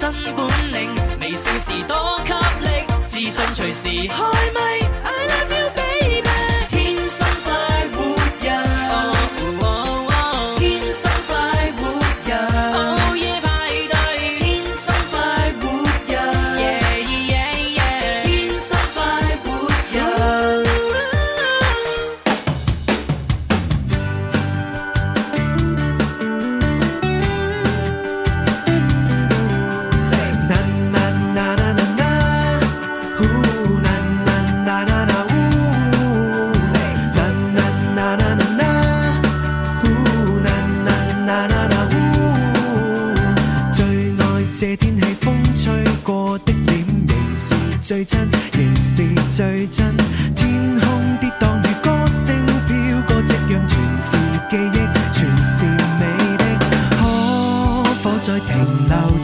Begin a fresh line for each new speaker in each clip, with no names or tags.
新本領微笑時多給力，自信隨時開咪。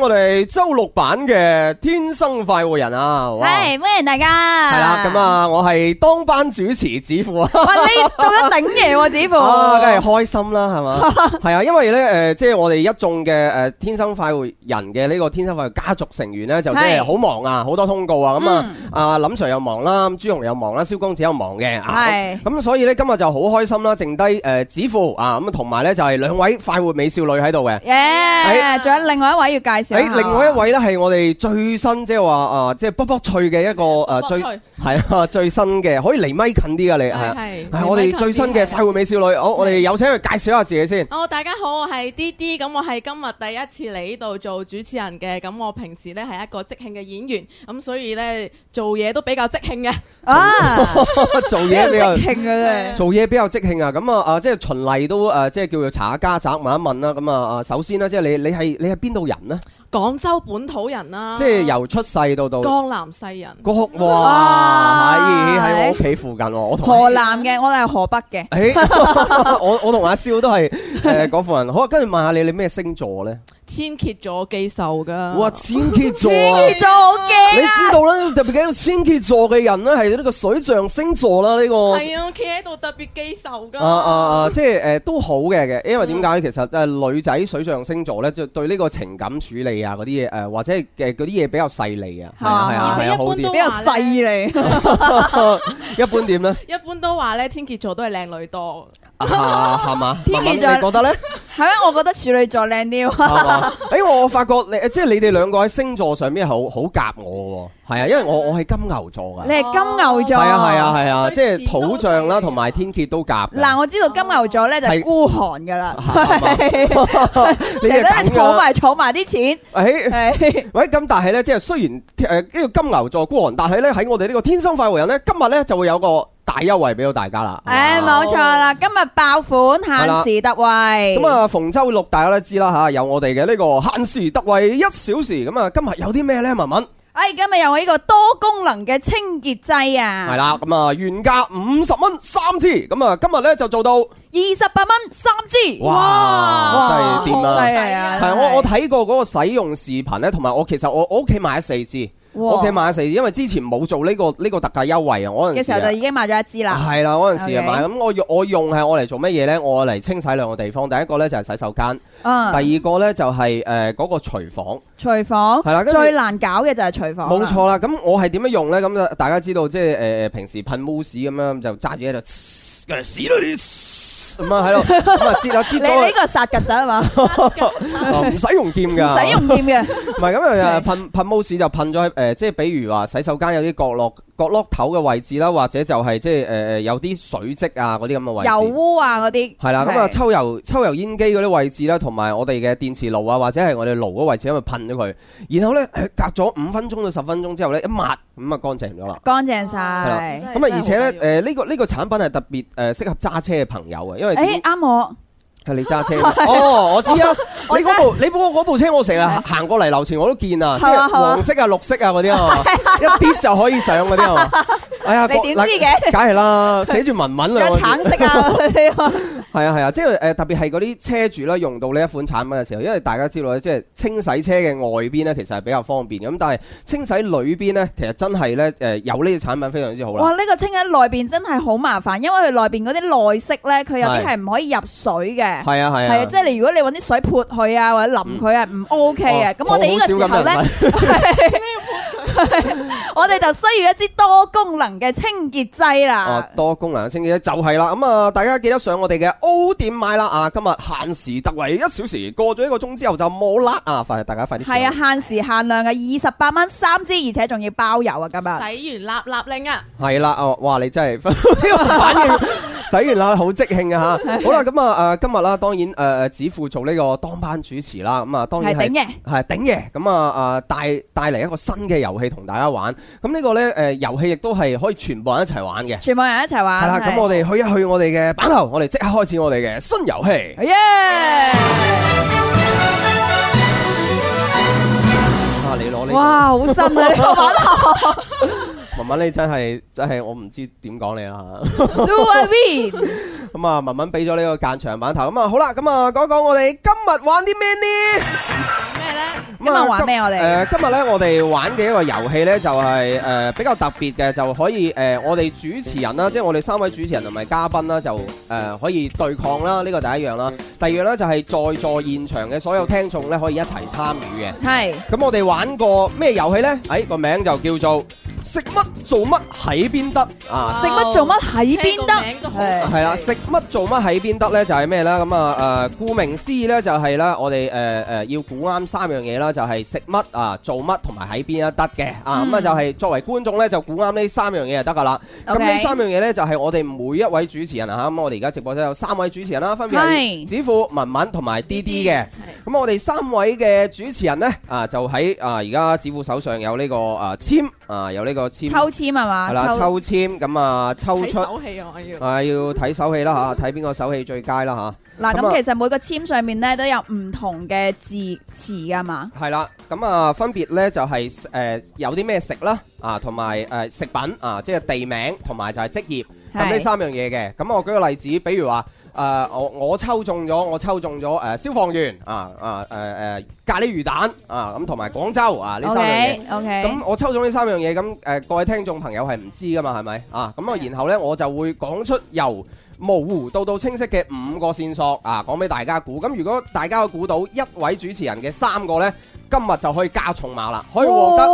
我哋周六版嘅天生快活人啊，係、
hey，歡迎大家。係啦，咁
啊，我係當班主持子富啊。
喂，你做咗頂嘢？喎，子富。啊，
梗係
開心啦，係嘛？係啊， 因為咧誒、呃，即係我哋一眾嘅誒天生快活人嘅呢個天生快活家族成員咧，就即係好忙啊，好多通告啊，咁、嗯、啊，阿林 Sir 又忙啦、啊，朱紅又忙啦、啊，蕭公子又忙嘅。係。咁所以咧，今日就好開心啦、啊，剩低誒、呃、子富啊，咁啊同埋咧就係、是、兩位快活美少女喺度嘅。耶
Yeah，啊 Yeah，仲有另外一位要介紹。欸、另外一
位呢，係我哋最新即係話啊，即係卜卜脆嘅一個誒，最係啊最，不不最，最新嘅，可以離咪近啲啊你係、啊、我哋最新嘅快活美少女，好，我哋有請佢介紹下自己先。
哦，大家好，我係 D D，咁我係今日第一次嚟呢度做主持人嘅，咁我平時呢，係一個即興嘅演員，咁所以呢，做嘢都比較即興嘅。啊，
做嘢比，比，比較即興嘅，真做嘢比較即興啊，咁啊即、呃、係循例都誒即係叫做查下家宅問一問啦，咁啊首先呢，即係你係你係你係邊度人呢？
廣州本土人啦，即係
由出世到到江
南西人，
哇！喺喺我屋企附近喎，我同河南
嘅，我哋係河北嘅。
我我同阿少都係誒廣府人。好，跟住問下你，你咩星座咧？
天蠍
座記仇噶，哇！天蠍座啊，座記啊！你知道
咧，特別嘅天蠍座嘅人咧，係呢個水上星座啦。呢個係
啊，企喺度特別記仇噶。啊啊啊！即
係誒都好嘅嘅，因為點解其實誒女仔水象星座咧，就對呢個情感處理。啊！啲嘢誒，或者係嗰啲嘢比較細膩係啊，啊，係啊，而且、啊、一般都比較犀利，一般點咧？
一般都話咧，天蠍座都係靚女多。
啊，係嘛？天蠍座你覺得咧，
係啊， 我覺得處女座靚啲
啊。
哎，我我發覺你，即係你哋兩個喺星座上邊好好夾我嘅，係啊，因為我我係金牛座嘅，你係
金牛座，係啊係啊
係啊，即係土象啦，同埋、啊啊啊、天蠍都夾。嗱、啊，我
知道金牛座咧就孤寒噶啦， 你
等你儲埋
儲埋啲錢。
喂、 哎，喂， 咁但係咧，即係雖然誒呢個金牛座孤寒，但係咧喺我哋呢個天生快活人咧，今日咧就會有個。大優惠俾到大家啦！誒，
冇錯、哎、啦，今日爆款限時特惠。咁啊、嗯，
逢周六大家都知啦吓、啊，有我哋嘅呢個限時特惠一小時。咁、嗯、啊，今日有啲咩呢？文文？
誒、哎，今日有我呢個多功能嘅清潔劑啊！係
啦，咁、嗯、啊，原價五十蚊三支，咁、嗯、啊，今日呢就做到
二十八蚊三支。哇！哇
真係掂啊！係啊！係、啊、我我睇過嗰個使用視頻呢，同埋我其實我我屋企買咗四支。屋企買咗四，因為之前冇做呢個呢個特價優惠啊，我嗰陣時嘅時候就已
經買咗一支啦。係
啦，嗰陣時啊買。咁 Okay. 我，我用我用係我嚟做乜嘢咧？我嚟清洗兩個地方，第一個咧就係洗手間，uh. 第二個咧就係誒嗰個廚房。
廚房係啦，最難搞嘅就係廚房。冇錯
啦。咁我係點樣用咧？咁就大家知道即係誒誒平時噴霧屎咁樣，就揸住喺度。咁啊，喺度， 咁啊，折啊，折咗。你呢個
係殺曱甴啊嘛，
唔使用劍㗎，唔使 用，用劍嘅。唔係咁啊，噴噴，噴，噴毛屎，就噴咗誒、呃，即係比如話洗手間有啲角落，角落頭嘅位置啦，或者就係即係誒有啲水漬啊，嗰啲咁嘅位置
油污啊，嗰啲係啦。咁啊，抽
油抽油煙機嗰啲位置啦，同埋我哋嘅電磁爐啊，或者係我哋爐嗰位置，因為噴咗佢，然後呢隔咗五分鐘到十分鐘之後呢，一抹咁啊乾淨咗啦，
乾淨晒。係咁啊，而且呢
誒呢個呢個產品係特別誒適合揸車嘅朋友嘅，因為誒啱、欸、我。係你揸車哦，我知啊。你部，你我部車，我成日行過嚟樓前，我都見啊。即係黃色啊，綠色啊，嗰啲啊，一啲就可以上嗰啲啊。哎呀，你點知嘅？梗係啦，寫住文文啊。橙色啊。係啊，係啊，即係誒特別係嗰啲車主啦，用到呢一款產品嘅時候，因為大家知道咧，即係清洗車嘅外邊咧，其實係比較方便。咁但係清洗裏邊咧，其實真係咧誒，有呢啲產品非常之好啦。哇！呢
個清緊內邊真係好麻煩，因為佢內邊嗰啲內飾咧，佢有啲係唔可以入水嘅。係啊係啊。係啊，即係你如果你揾啲水潑佢啊，或者淋佢啊，唔 OK 嘅。咁哇我哋呢個時候咧。 我哋就需要一支多功能嘅清潔劑啦。
多功能清潔劑就係、是、啦。咁、嗯、啊，大家記得上我哋嘅 O 店買啦。啊，今日限時特惠一小時，過咗一個鐘之後就冇啦。啊，快，大家快啲。係啊，
限時限量嘅，二十八蚊三支，而且仲要包郵啊，今日。洗完
立立令啊。
係啦啊，哇，你真係。 反應 洗完啦，好 即興嘅、啊、吓。 好啦，咁啊，誒，今日啦，當然誒、呃，只負做呢個當班主持啦。咁、嗯、啊，當然係係頂爺，係頂爺。咁啊，啊帶帶嚟一個新嘅遊戲同大家玩。咁、嗯、呢、這個咧，誒、呃，遊戲亦都係可以全部人一齊玩嘅。全部人
一齊玩。係啦，咁是我哋
去一去我哋嘅版頭，我哋即刻開始我哋嘅新遊戲。y Yeah ! e 啊，你攞嚟？哇，好新呀呢個版頭。文文你真係真係我唔知點講你啦嚇。咁啊文文俾咗呢個間場版頭，咁、嗯、啊好啦，咁、嗯、啊講講我哋今日玩啲咩呢？
咩咧？今日玩咩我哋？誒，
今日咧我哋玩嘅一個遊戲咧就係誒比較特別嘅，就可以誒我哋主持人啦，即係我哋三位主持人同埋嘉賓啦，就誒可以對抗啦，呢個第一樣啦。第二樣咧就係在座現場嘅所有聽眾咧可以一齊參與嘅。係。咁我哋玩過咩遊戲咧？誒個名就叫做食乜做乜喺邊得啊！食乜做乜喺
邊得？個名都
好難。係啦，食乜做乜喺邊得咧？就係咩咧？咁啊誒，顧名思義咧就係咧，我哋誒誒要估啱。三樣嘢啦，就係食乜啊，做乜同埋喺邊啊得嘅啊，咁、嗯、啊就係、是、作為觀眾呢，就估啱呢三樣嘢就得噶啦。咁呢 Okay. 三樣嘢呢，就係我哋每一位主持人啊，咁、啊、我哋而家直播都有三位主持人啦、啊，分別係子富、文文同埋 D D 嘅。咁 我哋三位嘅主持人呢、啊啊啊，啊，就喺啊而家子富手上有呢個啊籤啊，有呢個籤。抽籤
係嘛？係啦，抽
籤籤咁籤啊，抽出。睇
手氣啊！要啊。係
要睇手氣啦吓，睇邊個手氣最佳啦吓。啊 嗱，咁、啊、其實
每個籤上面咧都有唔同嘅字詞噶嘛。
係啦，咁啊分別咧就係、是、誒、呃、有啲咩食啦，啊同埋誒食品啊，即係地名同埋就係職業，咁呢是三樣嘢嘅。咁我舉個例子，比如話誒、呃、我我抽中咗，我抽中咗誒、呃、消防員，啊啊誒誒、呃呃、咖喱魚蛋，啊咁同埋廣州啊呢三樣嘢。O K O K 咁我抽中呢三樣嘢，咁誒各位聽眾朋友係唔知噶嘛，係咪啊？咁啊然後咧我就會講出由。模糊到到清晰嘅五個線索啊，講俾大家估。咁如果大家可以估到一位主持人嘅三個咧，今日就可以加重碼啦，可以獲得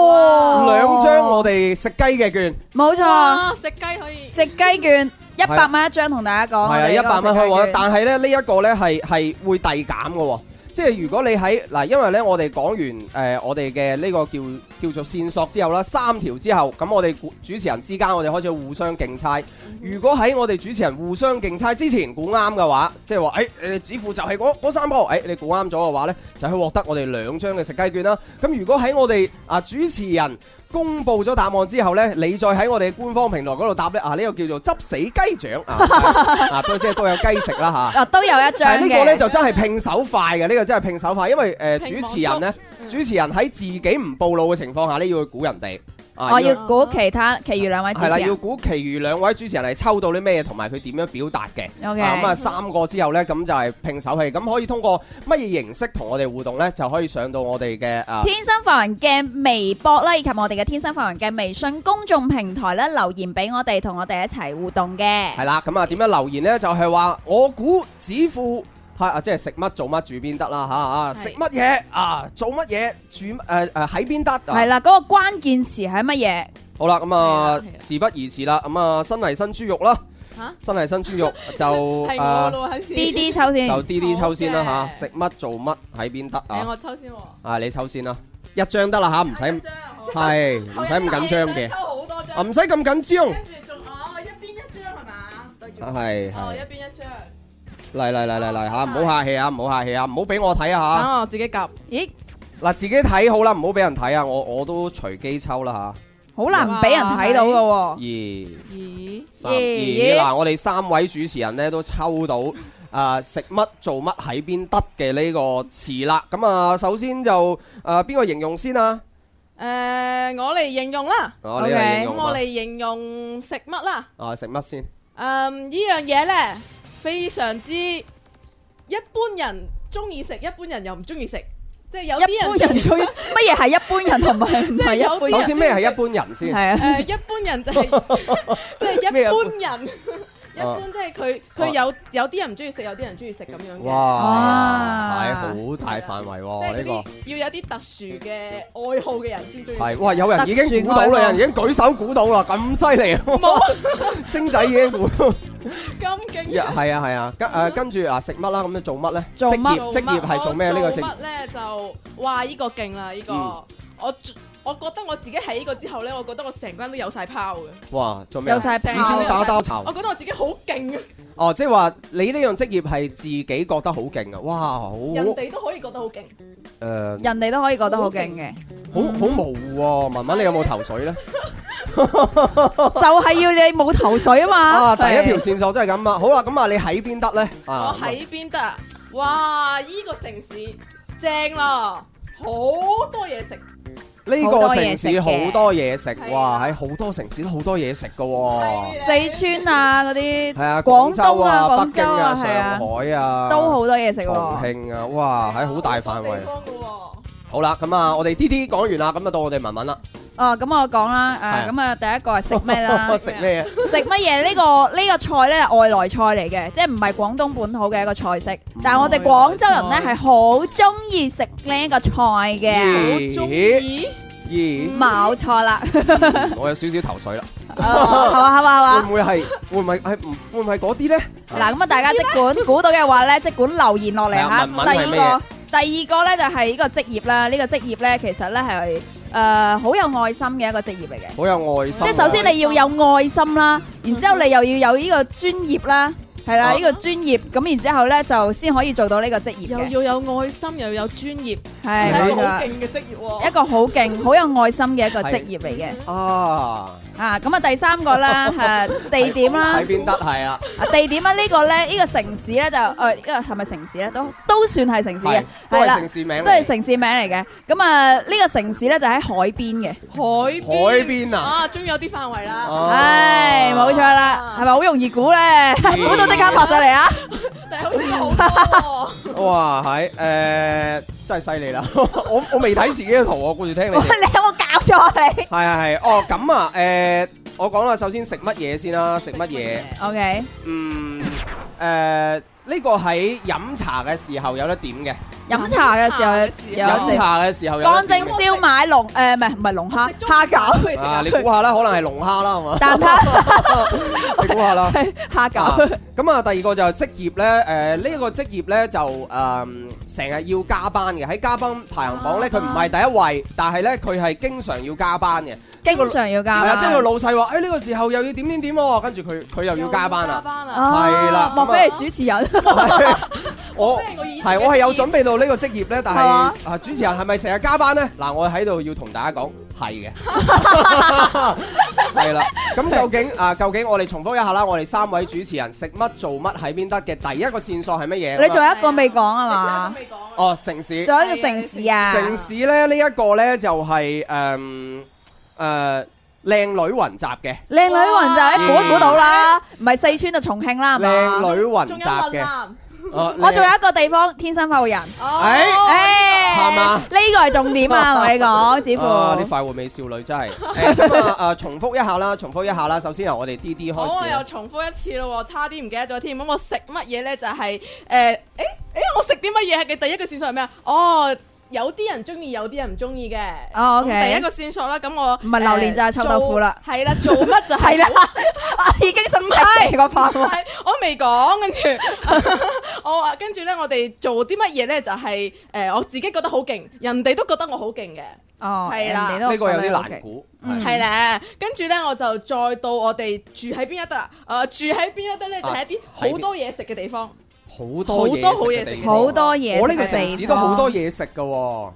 兩張我哋食雞嘅券。
冇錯哇錯，食雞可以食雞券一百蚊一張，同、啊、大家講係啊，一百蚊。可以獲得。但係咧
呢一、這個咧係係會遞減嘅。即係如果你喺嗱，因為呢，我哋講完誒、呃，我哋嘅呢個叫叫做線索之後啦，三條之後，咁我哋主持人之間，我哋開始互相競猜。如果喺我哋主持人互相競猜之前估啱嘅話，即係話誒，只、哎、乎就係嗰、那個、三個，誒、哎，你估啱咗嘅話呢，就去獲得我哋兩張嘅食雞券啦。咁如果喺我哋啊主持人，公布咗答案之後呢，你再喺我哋官方平台嗰度答咧啊，呢、這個叫做執死雞獎」， 啊！啊，都啲啊，都有雞食啦嚇！啊，
都有一張呢、啊這個呢，就
真係拼手快嘅，呢、這個真係拼手快，因為誒、呃、主持人呢，主持人喺自己唔暴露嘅情況下呢，要去估人哋。我、哦、要
估其他，其餘兩位主持人係啦、啊，要估
其餘兩位主持人係抽到啲咩，同埋佢點樣表達嘅。咁 Okay. 啊，三個之後呢，咁就係拼手氣，咁可以通過乜嘢形式同我哋互動呢？就可以上到我哋嘅啊。呃、天
生發人嘅微博啦，以及我哋嘅天生發人嘅微信公眾平台咧，留言俾我哋，同我哋一齊互動嘅。
係啦、嗯，咁啊，點樣留言呢？就係、是、話我估指富。係啊，即係食乜做乜住邊得啦吓啊！食乜嘢啊？做乜嘢住誒誒喺邊得？係啦，
嗰個關鍵詞係乜嘢？
好啦，咁啊事不宜遲啦，咁啊新嚟新豬肉啦
吓，
新嚟新豬肉就誒，D D 抽先，就 D D 抽先啦吓，食乜做乜喺邊得啊？誒，我抽先喎。啊，你抽先啦，一張得啦吓，唔使係唔使咁緊張嘅，抽好多張，唔使咁緊張。跟住仲哦，一邊一張係嘛？啊係係。哦，一邊一
張。
嚟嚟嚟嚟嚟吓，唔好客氣啊，唔好客氣啊，唔好俾我睇啊吓。等我自己夾。咦？嗱，自己睇好啦，唔好俾人睇啊！我我都隨機抽啦吓。
好難唔俾
人睇到
噶。
二二
三二，嗱，
我哋三位主持人咧都抽到啊食乜做乜喺邊得嘅呢個詞啦。咁啊，首先就啊邊個形容先啊？
誒，我嚟形容啦。我嚟形容。我嚟形容食乜啦？
啊，食乜先？
嗯，呢樣嘢咧。非常之一般人中意食，一般人又唔中意食，即係有啲人中意。
乜嘢係一般人同埋
唔係一般人，首先咩係一般人先？係啊， 誒、 呃、一般人就
係即係一般
人一般。 一般即係佢佢有有啲人唔中意食，有啲人中意食咁樣嘅。哇，係
好大範圍喎。呢個
要有啲特殊嘅愛好嘅人先中意。係，哇！有人已經估
到啦，人已經舉手估到啦，咁犀利。星仔已經估到。
咁
勁！係啊係啊，跟誒跟住啊食乜啦？咁你做乜咧？做乜？職業係做咩？呢個食乜
咧就哇！依個勁啦！依個。我我覺得我自己喺呢個之後咧，我覺得我成個人都有晒泡嘅。
哇，做咩？有晒披肩打刀籌，我覺
得我自己好勁
啊！哦，即係話你呢樣職業係自己覺得好勁啊！哇，好，人哋都可以覺得好勁。誒，人
哋都可以覺得好勁嘅。
好好模糊喎，文文你有冇頭緒咧？就係要你冇頭緒啊嘛！啊，第一條線索真係咁啊！好啦，咁啊，你喺邊得咧？啊，我喺
邊得？哇，呢個城市正啦，好
多嘢食。
呢個城市好多嘢食哇！喺好多城市都好多嘢食㗎喎，
四川啊、嗰啲，係啊廣州啊、北京啊、上
海啊，都好
多嘢食喎，
重慶啊，哇！喺好大範圍。好啦，咁啊，我哋啲啲講完啦，咁啊到我哋文文啦。
哦，咁我講啦，誒，咁啊，啊第一個係食咩啦？食咩 麼？食乜嘢？呢、這個呢、這個菜咧，係外來菜嚟嘅，即係唔係廣東本土嘅一個菜式。但係我哋廣州人咧，係好中意食呢個菜嘅。好中意，冇錯啦。
我有少少頭緒啦。
係嘛係嘛係嘛？會唔會係？
會唔係？係唔會唔係嗰啲咧？
嗱，咁啊，啊大家即管估到嘅話咧，即 管留言落嚟吓。啊、聞聞第二個。第二個呢，就係呢個職業啦，呢個職業呢，其實呢係誒好有愛心嘅一個職業嚟嘅，
好有愛心。即係首先你要有
愛心啦， 然之後你又要有呢個專業啦，係啦呢、啊、個專業，咁然後之後呢就先可以做到呢個職業。又要
有愛心，又要有專業，係對一個好勁嘅
職業，喔，
一個好勁、好有愛心嘅一個職業嚟嘅。哦。 啊啊，咁啊，第三個啦，係地點啦，喺邊得係啊？啊，地點啊，呢個咧，呢個城市咧就，誒，因為係咪城市咧？都都算係城市嘅，係啦，都係城市名嚟嘅。咁啊，呢個城市咧就喺海邊嘅，海
海邊啊，啊，
終於有啲範圍啦，
唉，冇錯啦，係咪好容易估咧？估到即刻發上嚟啊！但係
好似冇喎，哇，喺誒。真係犀利啦！我我未睇自己嘅圖， 我顧住聽你。 你有冇搞錯你。係係係。哦咁啊，誒、呃、我講下，首先食乜嘢先啦、啊？食乜嘢？OK 嗯。嗯、呃、誒，呢、呢個喺飲茶嘅時候有得點嘅。飲茶嘅時候，飲茶嘅時候有。乾蒸
燒賣龍，誒，唔係唔係龍蝦，蝦餃。啊，你估
下咧，可能係龍蝦啦，係嘛？但係你估下啦，蝦餃。咁啊，第二個就係職業咧，誒呢個職業咧就誒成日要加班嘅。喺加班排行榜咧，佢唔係第一位，但係咧佢係經常要加班嘅。
經常要加班。係啊，即係個老細話，誒
呢個時候又要點點點，跟住佢佢又要加班啦！係啦，莫非係
主持人？
我係我
係有準備到。呢個職業呢，但係啊，啊，主持人係咪成日加班呢？嗱，我喺度要同大家講，係嘅，係 啦樂。咁是的 究竟啊，究竟我哋重複一下啦，我哋三位主持人食乜做乜喺邊得嘅？第一個線索係乜嘢？你仲
有一個未講啊嘛？
哎、哦，城市。仲有一個城
市啊？嗯、城市
呢，呢、這、一個呢，就係誒誒靚女雲集嘅。
靚女雲集，估唔估到啦？唔係四川就重慶啦，係靚女
雲集嘅。哦、我仲有一
個地方天生快活人，係係嘛？呢個係重點啊！同 你講，子父、 啊、你快
活美少女真係咁啊！誒、哎呃，重複一下啦，重複一下啦。首先由我哋 D D 開始好。我又
重複一次咯，差啲唔記得咗添。咁我食乜嘢咧？就係、是、誒，誒、呃欸欸，我食啲乜嘢係嘅第一個線索係咩啊？哦。有啲人中意，有啲人唔中意嘅。哦、oh, okay. 第一個線索啦，咁我唔係榴蓮就係臭豆腐啦。係啦，做乜就係啦。 我已經心態個牌，我未講、 哦、跟住，我話跟住咧，我哋做啲乜嘢咧，就係、是、誒、呃、我自己覺得好勁，人哋都覺得我好勁嘅。
哦、oh, 了，係啦，呢個有啲難估。
係咧，跟住咧我就再到我哋住喺邊、呃就是、一笪。誒住喺邊一笪咧就係一啲好多嘢食嘅地方。啊
好多嘢食嘅地方，好多嘢。我呢個城市都好多嘢食噶，啊，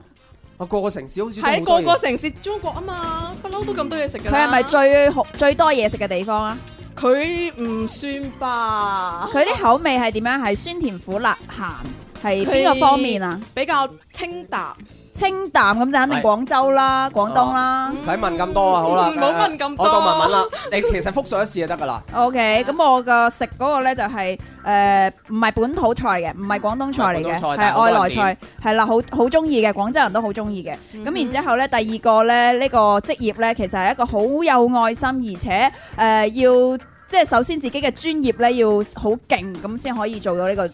個個城市好似喺個個
城市中國啊嘛，不嬲都咁多嘢食。佢係咪最
好最多嘢食嘅地方啊？佢唔算吧？佢啲口味係點樣？係酸甜苦辣鹹？係邊個方面啊？
比較清淡。
清淡咁就肯定廣州啦，廣東啦，唔
使問咁多啊，好啦，唔好問咁多。我當文文啦，你其實複述一次就得噶啦。
OK，咁我個食嗰個呢就係誒，唔係本土菜嘅，唔係廣東菜嚟嘅，係外來菜，係啦，好好中意嘅，廣州人都好中意嘅。咁然之後呢，第二個呢，呢個職業呢，其實係一個好有愛心，而且誒要。即係首先自己嘅專業咧要好勁，咁先可以做到呢個誒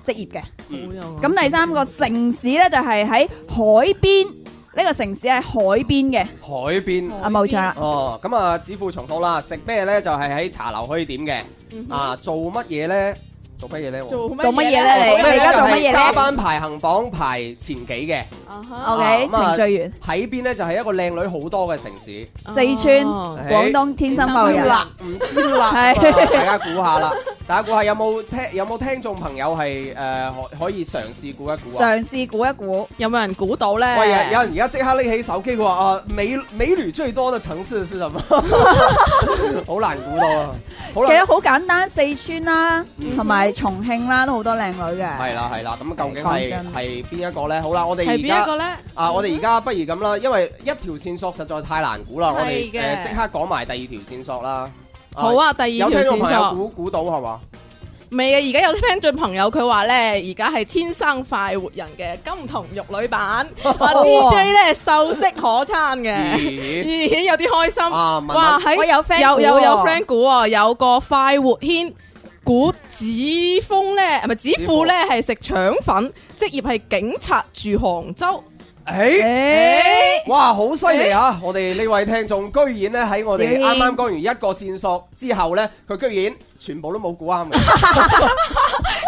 職業嘅。咁第三個城市咧就係喺海邊，呢個城市喺海邊嘅
海邊？啊，冇錯啦。哦，咁啊只附重複啦。食咩咧就係喺茶樓可以點嘅。啊，做乜嘢咧？做乜嘢咧？做做乜嘢咧？你你而家做乜嘢咧？加班排行榜排前幾嘅，O K，程序員喺邊咧？就係一個靚女好多嘅城市，四川、廣東、天生、湖南、湖南，大家估下啦。大家估下，有冇聽有冇聽眾朋友係誒可可以嘗試估一估啊？嘗試估一估，有冇人估到咧？喂，有人而家即刻拎起手機佢話啊，美美女最多嘅城市是什麼？好難估到啊！好啦，其
實好簡單，四川啦，同埋重慶啦，都好多靚女嘅。係啦係
啦，咁究竟係係邊一個咧？好啦，我哋而家係邊一個咧？啊，我哋而家不如咁啦，因為一條線索實在太難估啦。我哋誒即刻講埋第二條線索啦。好啊，第二條線索。估估到係嘛？
未啊！而家有聽眾朋友佢話咧，而家係天生快活人嘅金童玉女版，話 D J 咧秀色可餐嘅，咦，顯有啲開心。哇！有 friend 有有有 friend 估啊，有個快活軒，估子峰咧唔係子富咧係食腸粉，職業係警察，住杭州。誒，
欸欸、哇，好犀利啊！欸、我哋呢位聽眾居然咧喺我哋啱啱講完一個線索之後咧，佢居然。全部都冇估啱嘅，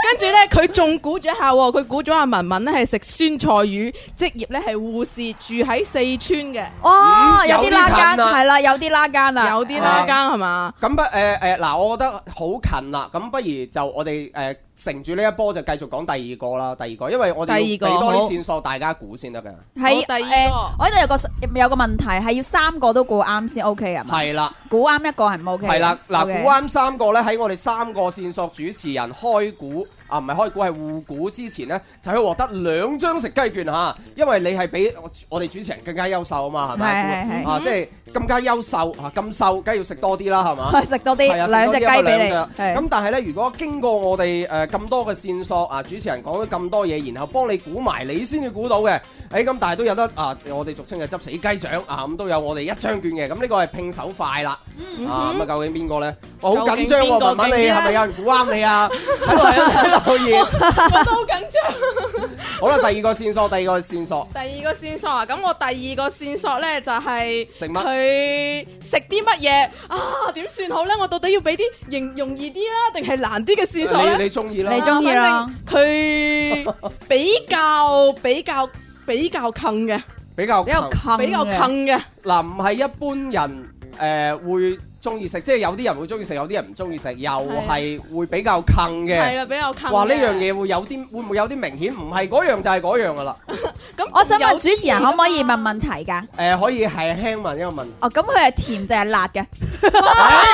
跟住咧佢仲估咗一下，佢估咗阿文文咧係食酸菜魚，職業咧係護士，住喺四川嘅。哦，有啲拉近，係啦，有啲拉近啊，有啲拉
近係嘛？咁不誒誒嗱，我覺得好近啦，咁不如就我哋誒乘住呢一波就繼續講第二個啦，第二個，因為我哋要俾多啲線索大家估先得嘅。係第二個，
我呢度有個有個問題係要三個都估啱先 OK 啊嘛。係啦，估啱一個係唔 OK。係啦，嗱，估啱
三個咧喺。我哋三個線索主持人開股啊，唔係開股係互股之前呢，就去獲得兩張食雞券吓，啊，因為你係比我我哋主持人更加優秀啊嘛，係咪是啊？是是啊，即係更加優秀嚇，咁瘦，梗係要食多啲啦，係嘛？食多啲，兩隻雞俾你。咁但係咧，如果經過我哋誒咁多嘅線索，啊主持人講咗咁多嘢，然後幫你估埋，你先至估到嘅。誒咁，但係都有得啊！我哋俗稱嘅執死雞獎啊，咁都有我哋一張券嘅。咁呢個係拼手快啦。啊，咁啊，究竟邊個咧？我好緊張喎，問問你係咪有人估啱你啊？喺度留言，我覺得好緊張。好啦，第二個線索，第二個線索。
第二個線索啊！咁我第二個線索咧就係食物。佢食啲乜嘢啊？點算好咧？我到底要俾啲容容易啲啊，定係難啲嘅線索咧、呃？你中意啦，啊、你中意啦。佢比較 比較比較近嘅，
比較比較近嘅。嗱，唔係、啊、一般人誒、呃、會。中意食，即係有啲人會中意食，有啲人唔中意食，又係會比較坑嘅。係啦，比較坑。話呢樣嘢會有啲，會唔會有啲明顯？唔係嗰樣就係嗰樣噶啦。
咁，我想問主持人可唔可以問問題噶？
誒，可以係輕問一個問
題。哦，咁佢係甜就係辣嘅。哇！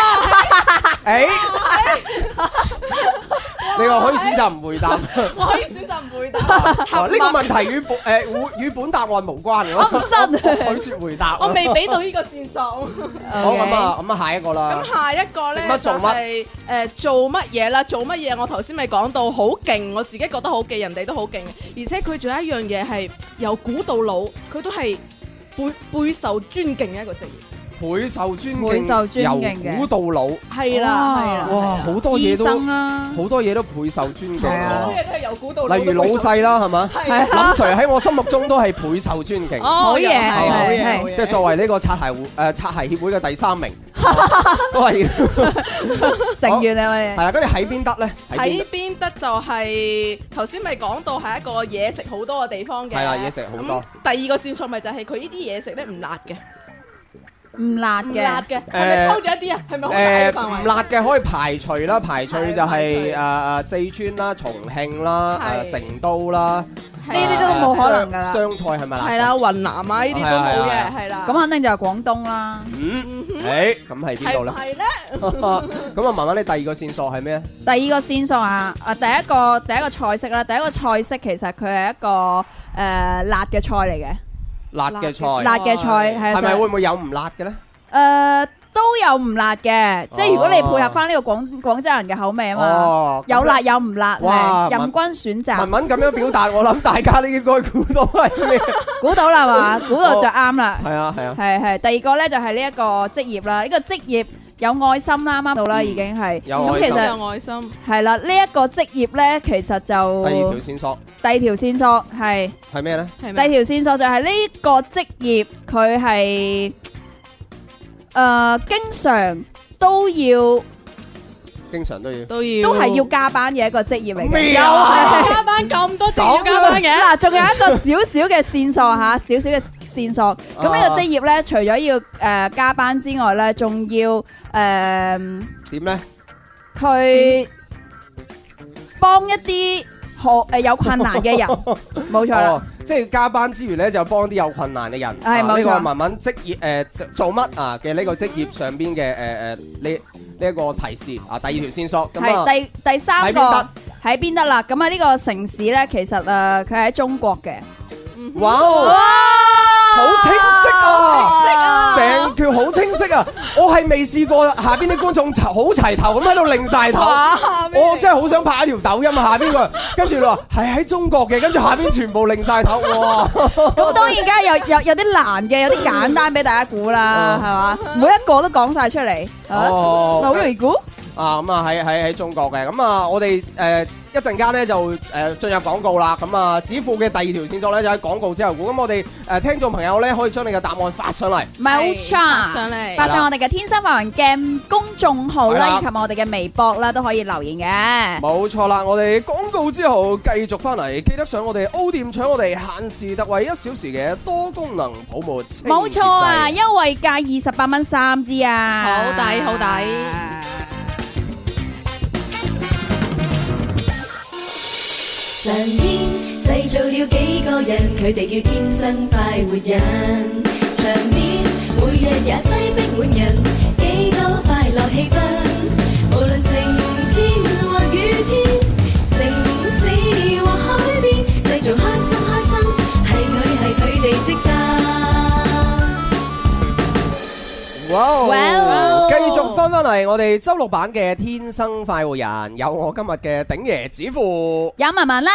誒，
你話可以選擇唔回答。我
可以選擇唔回答。呢個問題
與本誒與本答案無關。我唔信。拒絕回答。我未俾到呢
個線索。好咁啊，
咁啊下一。咁下
一個呢係誒做乜嘢、呃、啦？做乜嘢？我頭先咪講到好勁，我自己覺得好勁，人哋都好勁，而且佢仲有一樣嘢係由古到老，佢都係備備受尊敬嘅、啊、一個職業。
倍受尊敬，由古到老，係啦，哇，好多嘢都好多嘢都倍受尊敬，係啊，啲嘢都係由古到
老，例如老細
啦，係嘛，林 Sir 喺我心目中都係倍受尊敬，好嘢，係啊，即係作為呢個擦鞋會誒擦鞋協會嘅第三名，都
係成員你位！
係啊，咁你喺邊得咧？喺
邊得就係頭先咪講到係一個嘢食好多嘅地方嘅，係啊，嘢
食好多。
第二個線索咪就係佢呢啲嘢食咧唔辣嘅。唔辣嘅，偷咗一啲啊，誒唔
辣嘅可以排除啦，排除就係誒誒四川啦、重慶啦、成都啦，呢啲都冇可能噶啦。湘菜係咪？係啦，
雲南啊，呢啲都冇嘅，係啦。咁肯定就係廣東啦。嗯，
係。咁係邊度咧？唔係咧。咁啊，媽媽，你第二個線索係咩啊？
第二個線索啊，啊，第一個第一個菜式咧，第一個菜式其實佢係一個誒辣嘅菜嚟嘅。
辣嘅菜，辣嘅菜，係啊！係咪會唔會有唔辣嘅咧？
誒、呃，都有唔辣嘅，
哦、即係如果你配合翻
呢個廣廣州人嘅口味啊嘛。哦、有辣有唔辣，哇任君選擇。文文咁樣表達，我諗大家
都應該估到係咩？
估到啦嘛，估到就啱啦。係啊係啊，係係、啊。第二個咧就係呢一個職業啦，呢個職業。這個職業有愛心啦，啱啱到啦，已經係咁。其實有愛心係啦，呢一個職業咧，其實就第二條線索。第二條線索係
係咩咧？係咩？第
二條線索就係呢個職業，佢係誒，經常都要
經常都要都要都係要
加班嘅一個職業嚟嘅。未有啊，加
班咁多都要加班嘅
嗱。仲有一個小小嘅線索吓，小小嘅。線索。咁呢個職業咧，除咗要誒加班之外咧，仲要誒點咧？佢幫一啲學誒有困難嘅人，
冇錯。即係加班之餘咧，就幫啲有困難嘅人。係冇錯。慢慢職業誒做乜啊？嘅呢個職業上邊嘅誒誒呢呢一個提示啊，第二條線索。係第
第三個喺邊得？喺邊得啦？咁啊呢個城市咧，其實誒佢喺中國嘅。
哇，好清晰啊，成
條好清晰啊，我係未試過下邊啲觀眾好齊頭咁喺度擰晒頭，我真係好想拍一條抖音啊！下邊個跟住話係喺中國嘅，跟住下邊全部擰晒頭，哇！咁當然而家
有有有啲難嘅，有啲簡單俾大家估啦，係嘛？每一個都講晒出嚟，係
咪好容易估？啊，咁啊喺喺喺中國嘅，咁啊我哋誒一陣間咧就誒進入廣告啦，咁啊指副嘅第二條線索咧就喺、是、廣告之後咁、啊、我哋誒聽眾朋友咧可以將你嘅答案發上嚟，
唔係上嚟，發上，發上我哋嘅天生白雲 game 公眾號啦，的以及我哋嘅微博啦、啊、的都可以留言嘅。
冇錯啦，我哋廣告之後繼續翻嚟，記得上我哋 O 店搶我哋限時特惠一小時嘅多功能泡沫。冇錯啊，
優惠價二十八蚊三支啊，好抵好抵。 上天製造了幾個人，佢哋叫天生快活
人。場面每日也擠迫滿人，幾多快樂氣氛。無論晴天或雨天，城
市或海邊，製造開心開心係佢係佢哋職責。
Wow. Wow.
翻翻嚟，我哋周六版嘅天生快活人，有我今日嘅鼎爺子父，有嫲
嫲咧，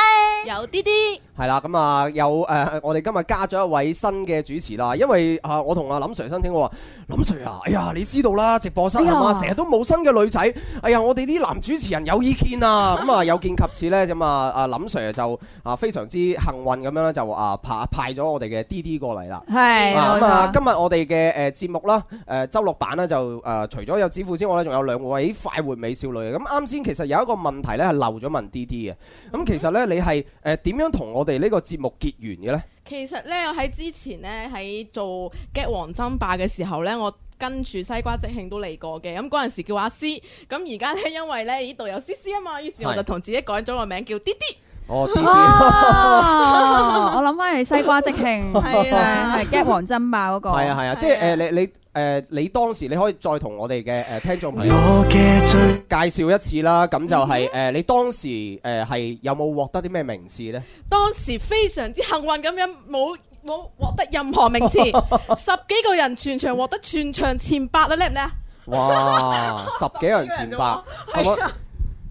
有啲啲，
係啦，咁啊，有誒，我哋今日加咗一位新嘅主持啦，因為啊、呃，我同阿林 Sir 申請，林 Sir 啊，哎呀，你知道啦，直播室啊，成日都冇新嘅女仔，哎呀，我哋啲男主持人有意見啊，咁、嗯、啊、 嗯，有見及此咧，咁、嗯、啊，阿、呃、林 Sir 就啊非常之幸運咁樣咧，就啊派派咗我哋嘅 D D 過嚟啦，係，咁、呃呃、啊，今日我哋嘅誒節目啦，誒週六版咧就誒除咗有。支付之外咧，仲有兩位快活美少女嘅。咁啱先，其實有一個問題咧，係漏咗問 D D 嘅。咁其實咧，你係誒點樣同我哋呢個節目結緣嘅咧？
其實咧，我喺之前咧，喺做 get 王爭霸嘅時候咧，我跟住西瓜即興都嚟過嘅。咁嗰陣時叫阿 C，咁而家咧因為咧呢度有 C C 啊嘛，於是我就同自己改咗個名叫 D D。
哦
，D D。我諗翻係西瓜即興，係啊，係
get 王爭霸嗰個。係啊，係啊，即係
誒你你。誒、呃，你當時你可以再同我哋嘅誒聽眾朋友介紹一次啦。咁就係、是、誒、呃，你當時誒係、呃、有冇獲得啲咩名次呢？
當時非常之幸運咁樣，冇冇獲得任何名次， 十幾個人全場獲得全場前八啊！叻唔叻？
哇！十幾人前八，係有是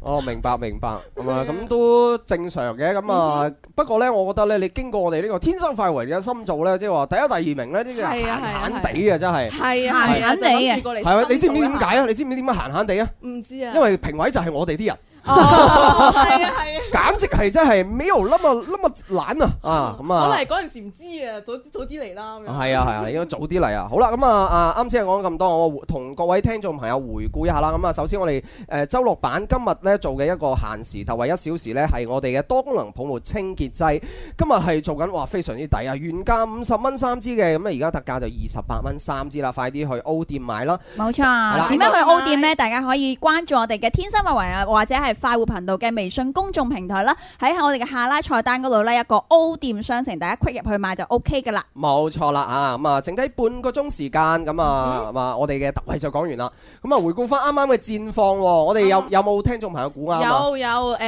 哦，明白明白，係嘛，咁都正常嘅。咁啊不過咧，我覺得咧，你經過我哋呢個天生快活嘅深造咧，即係話第一、第二名咧，呢啲係閒閒哋嘅，真係係閒閒哋嘅，係咪？你知唔知點解啊？你知唔知點解閒閒哋啊？唔知啊，因為評委就係我哋啲人。 哦，係 啊，係啊，簡直係真係咩 a i l 冧啊，冧啊，爛啊，啊咁啊！我嚟嗰
陣時唔知啊，早早啲嚟啦
咁樣係啊，係啊，應該早啲嚟啊！好啦，咁啊啊，啱先講咁多，我同各位聽眾朋友回顧一下啦。咁啊，首先我哋誒、呃，周六版今日咧做嘅一個限時特惠一小時咧，係我哋嘅多功能泡沫清潔劑。今日係做緊哇，非常之抵啊！原價五十蚊三支嘅，咁啊而家特價就二十八蚊三支啦，快啲去 O 店買啦！冇錯錯，點樣啦去 O
店咧？大家可以關注我哋嘅天生物圍啊，或者係，快活頻道嘅微信公眾平台啦，喺我哋嘅下拉菜單嗰度呢，一個 O 店商城，大家 click 入去買就 OK 噶啦。
冇錯啦啊，咁啊，剩低半個鐘時間咁啊，係我哋嘅特惠就講完啦。咁啊，回顧翻啱啱嘅戰況，我哋有有冇聽眾朋友估啱？有有
誒，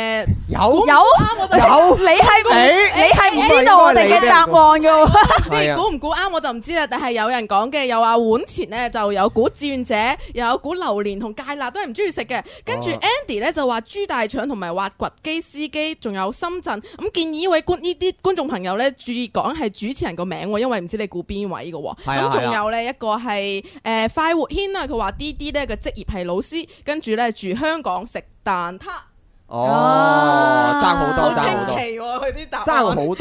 有有啱我就
有，你係你你係唔知道我哋嘅答案噶，即係估
唔估啱我就唔知啦。但係有人講嘅，又話碗前呢就有股志願者，又有股榴蓮同芥辣都係唔中意食嘅。跟住 Andy 咧就話。豬大腸同埋挖掘機司機，仲有深圳。咁建議呢位觀呢啲觀眾朋友呢，注意講係主持人個名喎，因為唔知你估邊位㗎喎。咁仲 有呢一個係誒快活軒啊，佢話 DD 呢個職業係老師，跟住呢住香港食蛋撻。
哦，爭好、啊、多，爭好、哦、多，爭好、啊、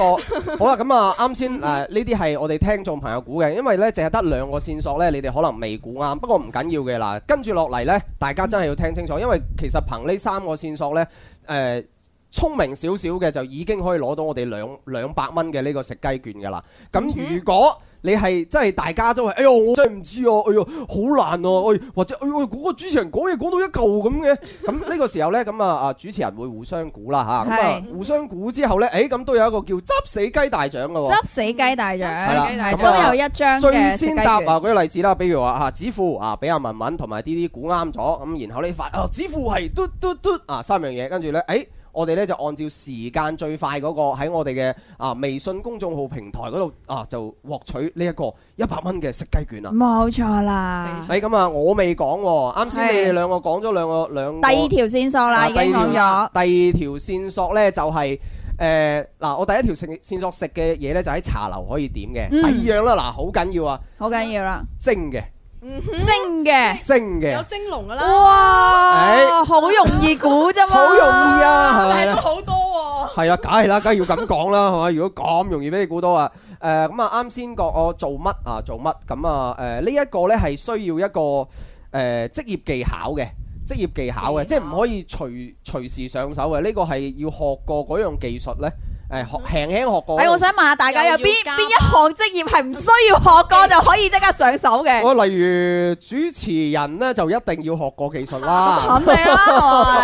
多。 好啦，
咁啊，啱先誒，呢啲係我哋聽眾朋友估嘅，因為呢淨係得兩個線索呢，你哋可能未估啱，不過唔緊要嘅啦。跟住落嚟呢，大家真係要聽清楚，因為其實憑呢三個線索呢，誒、呃，聰明少少嘅就已經可以攞到我哋兩兩百蚊嘅呢個食雞券㗎喇。咁如果、嗯你係真係大家都、就、係、是，哎呦我真係唔知哦，哎呦好難哦、啊，或者哎呦嗰個主持人講嘢講到一嚿咁嘅，咁呢個時候咧，咁啊啊主持人會互相估啦吓，咁 啊互相估之後咧，誒咁都有一個叫執死雞大獎嘅，執
死雞大獎，啊嗯、都有一張最先答啊
舉個例子啦，比如話嚇指父啊，俾阿文文同埋啲啲估啱咗，咁然後你發啊指父係嘟嘟嘟啊三樣嘢，跟住咧誒。我哋咧就按照時間最快嗰個喺我哋嘅啊微信公眾號平台嗰度啊就獲取呢一個一百蚊嘅食雞券啦，
冇錯啦。誒
咁啊，我未講喎，啱先你哋兩個講咗兩個的兩個第二條
線索啦，啊、已經講咗
第二條線索咧、就係，就係誒嗱，我第一條線線索食嘅嘢咧就喺茶樓可以點嘅、嗯、第二樣啦，嗱好緊要啊，好緊要啦、啊，蒸嘅。蒸嘅蒸嘅有蒸
籠噶啦
哇，好、欸、容易
估啫嘛，好 容易啊，係咪好多喎？係啊梗係啦，梗係、 啊、要咁講啦係嘛。如果咁容易俾你估到啊誒，咁啊啱先講我做乜啊做乜咁啊誒，呢一個咧係需要一個誒職、呃、業技巧嘅職業技巧嘅，巧即係唔可以隨隨時上手嘅呢、這個係要學過嗰樣技術咧。誒，學輕輕學過。誒、欸，我想問下大家，有邊邊
一項職業係
唔需要學過就可以即刻上手嘅？我例如主持人咧，就一定要學過技術啦。肯定啦，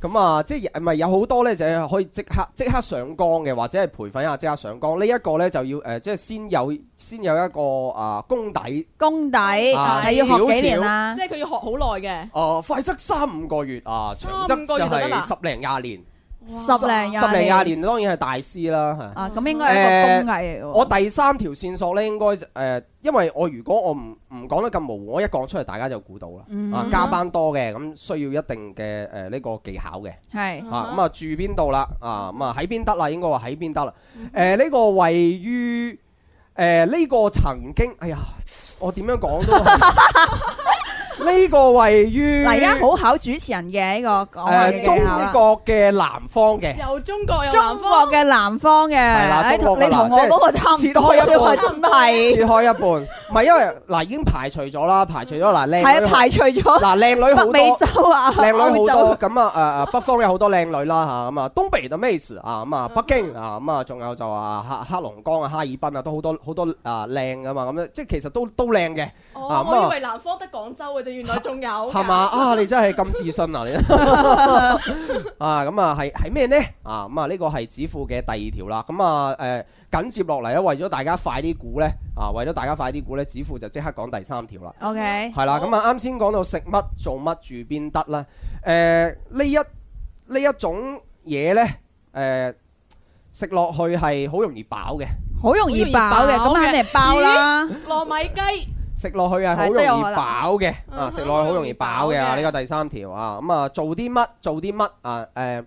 咁啊， 即係唔係有好多咧，就係可以即刻即刻上崗嘅，或者係培訓下即刻上崗。這個、呢一個咧就要誒、呃，即係先有先有一個啊、呃、功底。
功底係、呃、要學幾年啦？少少即係佢要學好耐嘅。
哦、呃，快則三五個月啊、呃，長則就係十零廿年。十零十零廿年，當然係大師啦，吓。啊，咁應該係一個工藝、呃。我第三條線索咧，應該誒、呃，因為我如果我唔唔講得咁模糊，我一講出嚟，大家就估到啦。嗯、哼啊，加班多嘅，咁需要一定嘅誒呢個技巧嘅。
係、嗯、哼啊、咁、嗯、啊
住邊度啦？啊，啊喺邊得啦？應該話喺邊得啦？誒、嗯哼、呢、呃這個位於誒呢個曾經，哎呀，我點樣講都好。 呢個位於，嗱而家好
考主持人嘅呢個誒，中國
嘅南方嘅，
有中國有南方嘅南方嘅，係啦，中國嗰個你同我嗰個差唔多，真
係切開一半，唔係因為，嗱已經排除咗啦，排除咗，嗱靚係，啊排除咗，嗱靚女好多，靚女好多，咁啊，誒誒北方有好多靚女啦，嚇，咁啊東北嘅妹子啊，咁啊北京啊，咁啊仲有就啊黑黑龍江啊哈爾濱啊，都好多好多啊靚㗎嘛，咁樣即係其實都都靚嘅哦，我以為南
方得廣州嘅啫。原來仲有係
嘛啊！你真係咁自信啊！你 啊咁啊係係咩呢？啊咁啊呢個係指庫嘅第二條啦。咁啊誒緊接落嚟咧，為咗大家快啲估呢，啊，嗯嗯嗯、為咗大家快啲估咧，指、啊、庫就即刻講第三條啦。OK，係啦。咁啊啱先講到食乜做乜住邊得啦。誒、呃、呢一呢一種嘢呢，誒食落去係好容易飽嘅，好容易飽嘅。咁肯定係包啦，
糯米雞。
食落去係，好容易飽嘅，啊食落去好容易飽嘅，呢、嗯、個第三條啊，咁啊做啲乜做啲乜啊？誒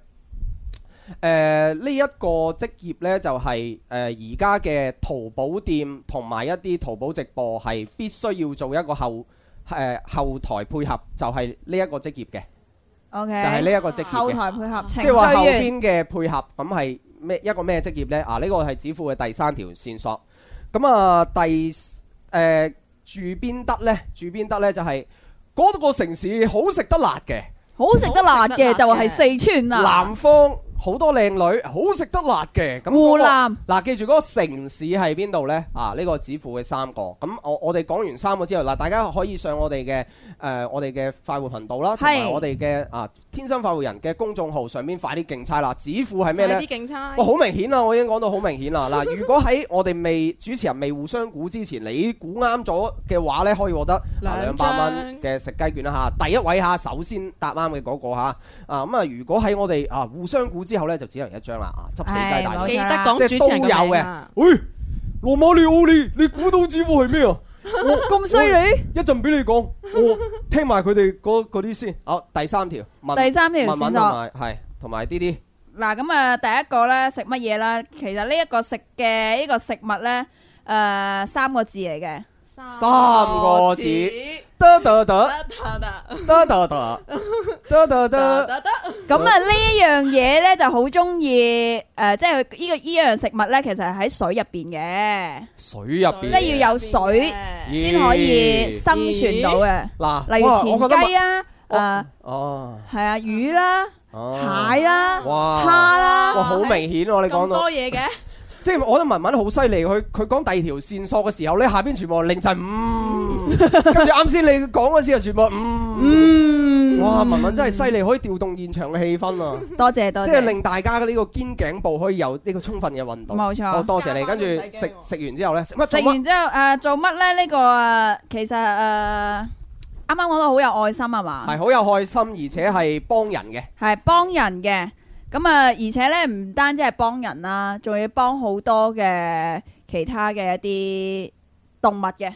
誒呢一個職業呢，就係誒而家嘅淘寶店同埋一啲淘寶直播，係必須要做一個後誒、啊、後台配合，就係呢一個職業嘅。O Okay , K. 就係呢一個職業後台配合，即係話後邊嘅配合咁係咩一個咩職業呢？啊呢個係指庫嘅第三條線索。咁啊第誒。啊嗯啊住邊得呢？住邊得呢？就係、是，嗰個城市好食得辣嘅，
好食得辣嘅就係四川啦。南
方。好多靚女，好食得辣嘅咁。湖南嗱，記住嗰個城市係邊度呢？啊，呢個指父嘅三個咁，我我哋講完三個之後，嗱，大家可以上我哋嘅誒，uh, 我哋嘅快活頻道啦，同埋我哋嘅啊，天生快活人嘅公眾號上邊快啲競猜啦！指父係咩呢？快啲競猜！哇，好明顯啦，我已經講到好明顯啦。嗱，如果喺我哋未主持人未互相估之前，你估啱咗嘅話呢，可以獲得兩百蚊嘅食雞券啦嚇。第一位嚇，首先答啱嘅嗰個嚇啊咁啊，that, uh, 如果喺我哋啊互相估之後咧，就只有一張啦啊，執死雞大。我記得講主持人都有嘅。喂，羅馬尼奧利，你估到支付係咩啊？咁犀利，一陣俾你講。我聽埋佢哋嗰嗰啲先。好，第三條。第三條綫索係同埋啲啲。
嗱咁啊，第一個咧食乜嘢啦？其實呢一個食嘅呢個食物咧，誒，三個字嚟嘅。
三個字。得得得。得得得。得得得。
得得得，咁啊呢樣嘢咧就好中意誒，即係呢個呢樣食物咧，其實係喺水入邊嘅，
水入邊，即係要
有水先可以生存到嘅。嗱，例如田雞啊，誒，
哦，
係啊，魚啦，
蟹啦，蝦啦，哇，好明顯喎，你講多嘢嘅。即係我覺得文文好犀利，佢佢講第二條線索嘅時候咧，你下邊全部凌晨五，嗯、 跟住啱先你講嗰時候就全部五，嗯嗯、哇！文文真係犀利，可以調動現場嘅氣氛啊！多謝多
謝，多謝即係令大
家嘅呢個肩頸部可以有呢個充分嘅運動。冇錯，好多謝你。跟住食食完之後咧，食完
之後誒、呃、做乜咧？呢、呢個、呃、其實誒啱啱講到好有愛心吖嘛？係、呃、
好有愛心，心而且係幫人嘅，
係幫人嘅。咁啊！而且咧，唔單止係幫人啦，仲要幫好多嘅其他嘅一啲動物嘅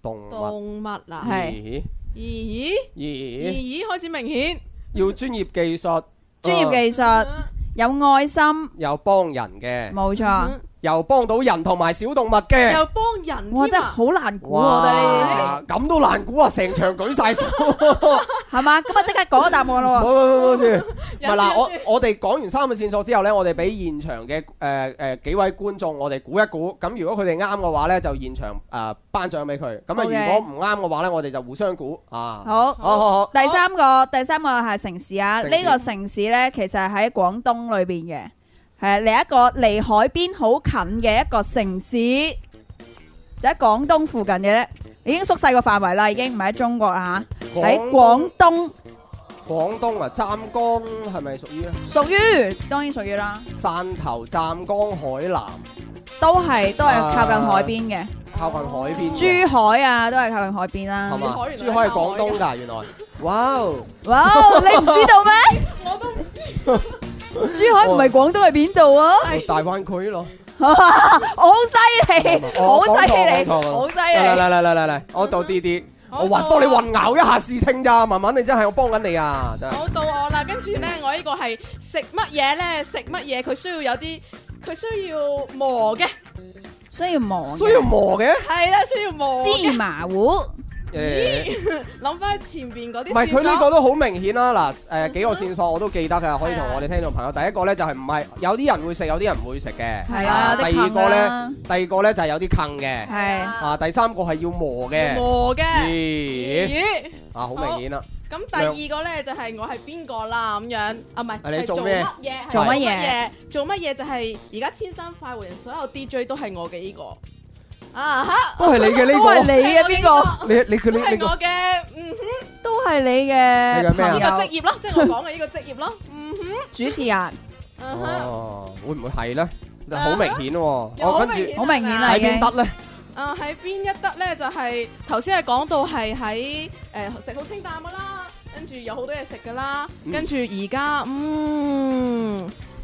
動物啦，係咦咦咦咦咦
開始明顯，
要專業技術，專業技
術，有愛心，
有幫人嘅，冇錯。又幫到人同埋小動物嘅，又
幫人，哇真係
好難估啊！我哋呢啲，咁都難估啊！成場舉晒手，
係咪？咁啊，即刻講個答案咯！唔好唔好唔好，
唔係嗱，我我哋講完三個線索之後咧，我哋俾現場嘅誒誒幾位觀眾，我哋估一估。咁如果佢哋啱嘅話咧，就現場誒頒獎俾佢。咁啊，如果唔啱嘅話咧，我哋就互相估啊。好，好好好。
第三個第三個係城市啊，呢個城市咧其實係喺廣東裏邊嘅。係另一個離海邊好近嘅一個城市，就喺廣東附近嘅，已經縮細個範圍啦，已經唔係喺中國啦。吓，喺廣東，
廣東啊，湛江係咪屬於咧？屬於，當然屬於啦。汕頭、湛江、海南都係都係靠近海邊嘅，靠近海邊。珠海啊，都係靠近海邊啦。係嘛？珠海係廣東噶，原來。哇哦！
哇哦！你唔知道咩？我都唔知。珠海唔係廣東，係邊度啊？係
大灣區咯，
我好犀利，好犀利，
好犀利！嚟嚟嚟嚟嚟，我到 D D，我話幫你混淆一下視聽咋，慢慢你真係我幫緊你啊！好
到我啦，跟住咧，我呢個係食乜嘢咧？食乜嘢？佢需要有啲，佢需要磨嘅，需要磨，需要磨嘅，係啦，需要磨芝麻糊。誒，諗翻 Yeah. 前邊嗰啲，唔係佢呢個都
好明顯啦。嗱、呃，誒幾個線索我都記得嘅，可以同我哋聽眾朋友。第一個咧就係唔係有啲人會食，有啲人唔會食嘅。係 Yeah. 啊，第二個咧，Yeah. 第二個咧就係有啲坑嘅。係 Yeah. 啊，第三個係要磨嘅。磨嘅的。咦？Yeah. 啊，好明顯啦。咁第二
個咧就係我係邊個啦咁樣。啊，唔係、啊。你做咩？做乜嘢？做乜嘢？做乜嘢？就係而家天生快活人，所有 DJ 都係我嘅呢、這個。啊吓，都係你嘅呢個，都係你
嘅邊個？
你你佢呢？係我嘅，
嗯哼，都係你嘅。
呢個咩啊？個職業咯，即係
我講嘅呢個職業咯，嗯哼，主持人。哦，
會唔會係咧？好明顯喎，好明顯啊！喺邊得
咧？
啊，喺邊一得咧？就係頭先係講到係喺誒食好清淡嘅啦，跟住有好多嘢食噶啦，跟住而家嗯。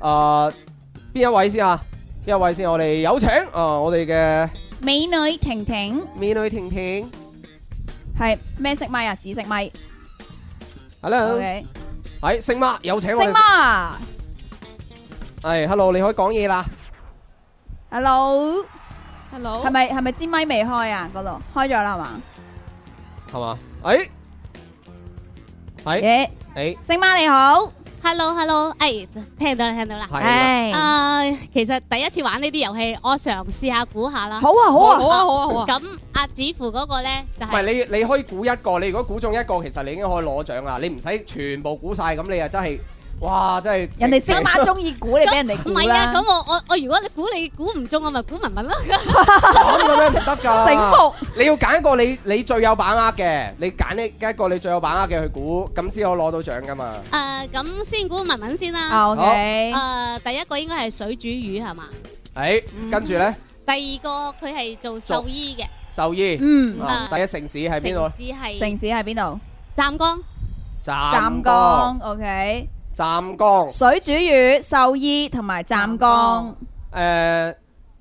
啊，邊一位先啊？邊一位先？我哋有請啊！我哋嘅
美女婷婷，美女婷婷，係咩色咪啊？紫色咪
，hello，係星媽有請我，星媽，係 hello，你可以講嘢啦
，hello，hello，係咪係咪支咪未開啊？嗰度開咗啦
係嘛？係嘛？誒，係，誒，
星媽你好。hello hello，哎，聽到啦聽到啦，係了，誒，uh, 其實第一次玩呢啲遊戲，我嘗試下估下啦。
好啊好啊好啊好啊好啊，咁阿、啊 啊、子符嗰個咧就係、
是。唔係你你可以估一個，你如果估中一個，其實你已經可以攞獎啦，你唔使全部估晒，咁你啊真係。哇！真係人哋小馬中
意估，你俾人哋估咧？唔係啊，咁我我我如果你估你估唔中，我咪估文文咯。咁有咩唔得噶？醒目！
你要揀一個你你最有把握嘅，你揀一一個你最有把握嘅去估，咁先可以攞到獎噶嘛？
誒，咁先估文文先啦。啊，好。誒，第一個應該係水煮魚係嘛？
誒，跟住咧。
第二個佢係做獸醫嘅。
獸醫。嗯。第一城市喺邊度？城市
係。城市喺邊度？湛江。
湛江。湛江。O K。湛江、
水煮魚、壽衣同埋湛江。
誒，